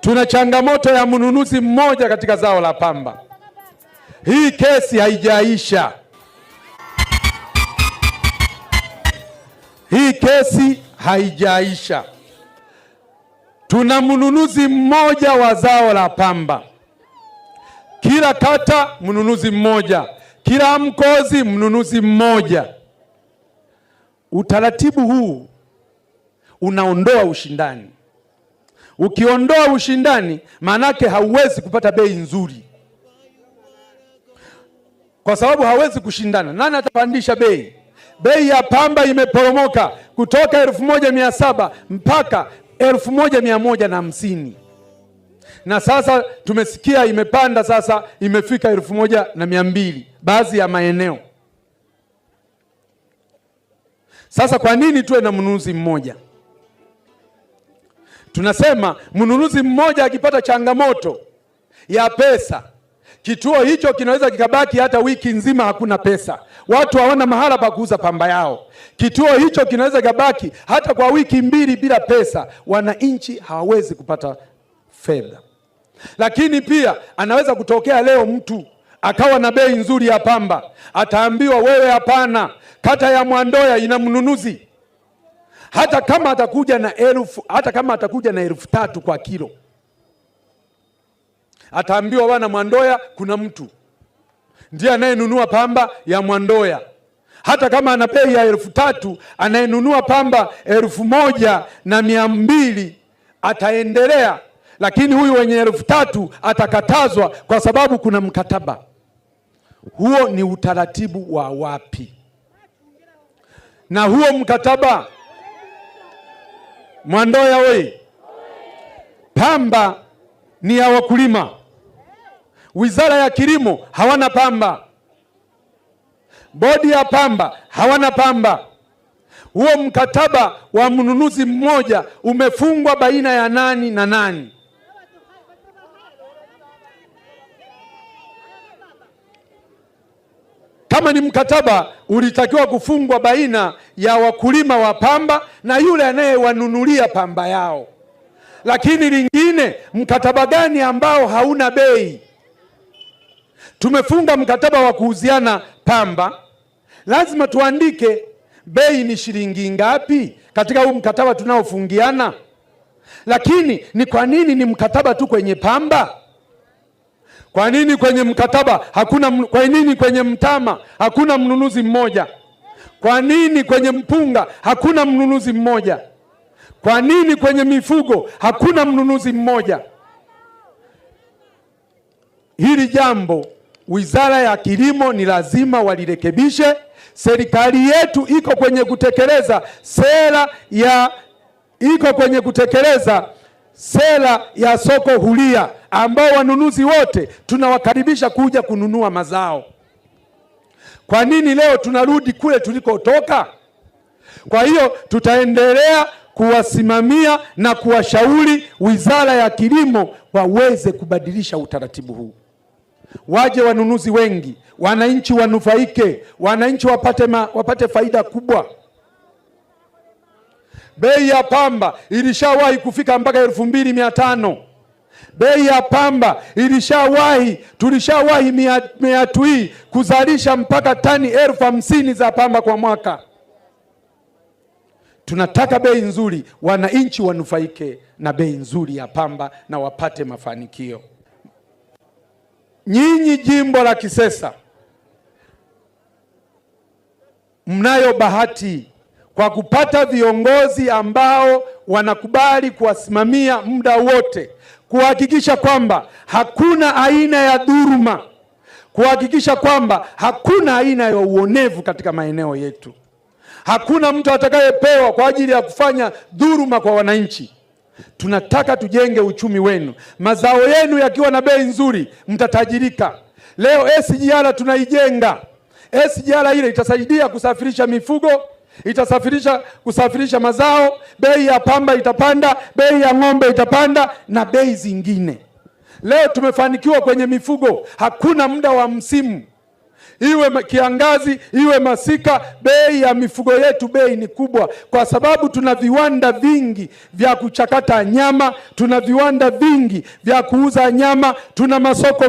Tuna changamoto ya mnunuzi mmoja katika zao la pamba. Hii kesi haijaisha, hii kesi haijaisha. Tuna mnunuzi mmoja wa zao la pamba, kila kata mnunuzi mmoja, kila mkozi mnunuzi mmoja. Utaratibu huu unaondoa ushindani. Ukiondoa ushindani, maanake hauwezi kupata bei nzuri, kwa sababu hawezi kushindana. Nani atapandisha bei? Bei ya pamba imeporomoka kutoka elfu moja mia saba mpaka elfu moja mia moja na hamsini na sasa tumesikia imepanda sasa imefika elfu moja na mia mbili baadhi ya maeneo. Sasa kwa nini tuwe na mnunuzi mmoja? Tunasema mnunuzi mmoja akipata changamoto ya pesa, kituo hicho kinaweza kikabaki hata wiki nzima, hakuna pesa, watu hawana mahala pa kuuza pamba yao. Kituo hicho kinaweza kikabaki hata kwa wiki mbili bila pesa, wananchi hawawezi kupata fedha. Lakini pia anaweza kutokea leo mtu akawa na bei nzuri ya pamba, ataambiwa wewe, hapana, kata ya Mwandoya ina mnunuzi hata kama atakuja na elfu, hata kama atakuja na elfu tatu kwa kilo, ataambiwa wana Mwandoya, kuna mtu ndiye anayenunua pamba ya Mwandoya. Hata kama ana bei ya elfu tatu, anayenunua pamba elfu moja na mia mbili ataendelea, lakini huyu wenye elfu tatu atakatazwa kwa sababu kuna mkataba huo. Ni utaratibu wa wapi? Na huo mkataba Mwandoya oye! Pamba ni ya wakulima. Wizara ya Kilimo hawana pamba, bodi ya pamba hawana pamba. Huo mkataba wa mnunuzi mmoja umefungwa baina ya nani na nani? Kama ni mkataba ulitakiwa kufungwa baina ya wakulima wa pamba na yule anayewanunulia pamba yao. Lakini lingine, mkataba gani ambao hauna bei? Tumefunga mkataba wa kuuziana pamba, lazima tuandike bei ni shilingi ngapi katika huu mkataba tunaofungiana. Lakini ni kwa nini ni mkataba tu kwenye pamba? Kwa nini kwenye mkataba hakuna? Kwa nini kwenye mtama hakuna mnunuzi mmoja? Kwa nini kwenye mpunga hakuna mnunuzi mmoja? Kwa nini kwenye mifugo hakuna mnunuzi mmoja? Hili jambo Wizara ya Kilimo ni lazima walirekebishe. Serikali yetu iko kwenye kutekeleza sera ya iko kwenye kutekeleza sera ya soko huria, ambao wanunuzi wote tunawakaribisha kuja kununua mazao. Kwa nini leo tunarudi kule tulikotoka? Kwa hiyo tutaendelea kuwasimamia na kuwashauri Wizara ya Kilimo waweze kubadilisha utaratibu huu, waje wanunuzi wengi, wananchi wanufaike, wananchi wapate, ma, wapate faida kubwa. Bei ya pamba ilishawahi kufika mpaka elfu mbili mia tano. Bei ya pamba ilishawahi, tulishawahi Miatui kuzalisha mpaka tani elfu hamsini za pamba kwa mwaka. Tunataka bei nzuri, wananchi wanufaike na bei nzuri ya pamba na wapate mafanikio. Nyinyi jimbo la Kisesa mnayo bahati kwa kupata viongozi ambao wanakubali kuwasimamia muda wote, kuhakikisha kwamba hakuna aina ya dhuruma, kuhakikisha kwamba hakuna aina ya uonevu katika maeneo yetu. Hakuna mtu atakayepewa kwa ajili ya kufanya dhuruma kwa wananchi. Tunataka tujenge uchumi wenu, mazao yenu yakiwa na bei nzuri mtatajirika. Leo SGR tunaijenga, SGR ile itasaidia kusafirisha mifugo itasafirisha kusafirisha mazao, bei ya pamba itapanda, bei ya ng'ombe itapanda na bei zingine. Leo tumefanikiwa kwenye mifugo, hakuna muda wa msimu, iwe kiangazi iwe masika, bei ya mifugo yetu bei ni kubwa, kwa sababu tuna viwanda vingi vya kuchakata nyama, tuna viwanda vingi vya kuuza nyama, tuna masoko